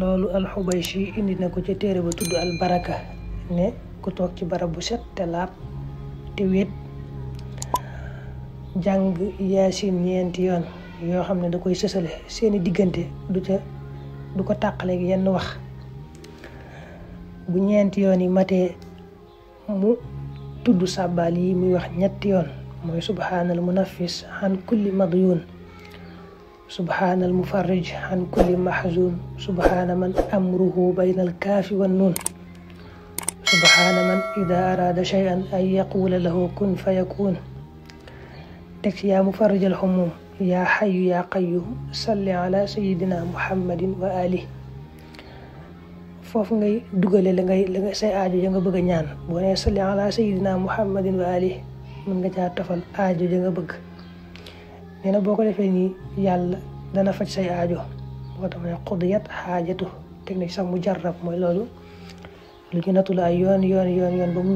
loolu alxubayshi indi na ko ca téere ba tudd albaraka ne ku toog ci barab bu set te laab te wéet jàng yaasin ñeenti yoon yoo xam ne da koy sësale seeni diggante du ca du ko tàqale yenn wax bu ñeenti yoon yi matee mu tudd sàbbaal yi muy wax ñetti yoon mooy subhaanal munaffis an kulli yoon سبحان المفرج عن كل محزون سبحان من أمره بين الكاف والنون سبحان من إذا أراد شيئا أن يقول له كن فيكون تك يا مفرج الهموم يا حي يا قيوم صل على سيدنا محمد وآله فوف ngay dugale لا ngay لا ساي say aajo ja نيان بو a ñaan boo nee salli ala sayidina muhammadin wa ali mën nga nee na boo ko defee nii yàlla dana faj say aajo boo tax ne xudiyat xaajatu technique sax mu jarrab mooy loolu lu ñu nattu la ay yoon yoon yoon yoon ba mu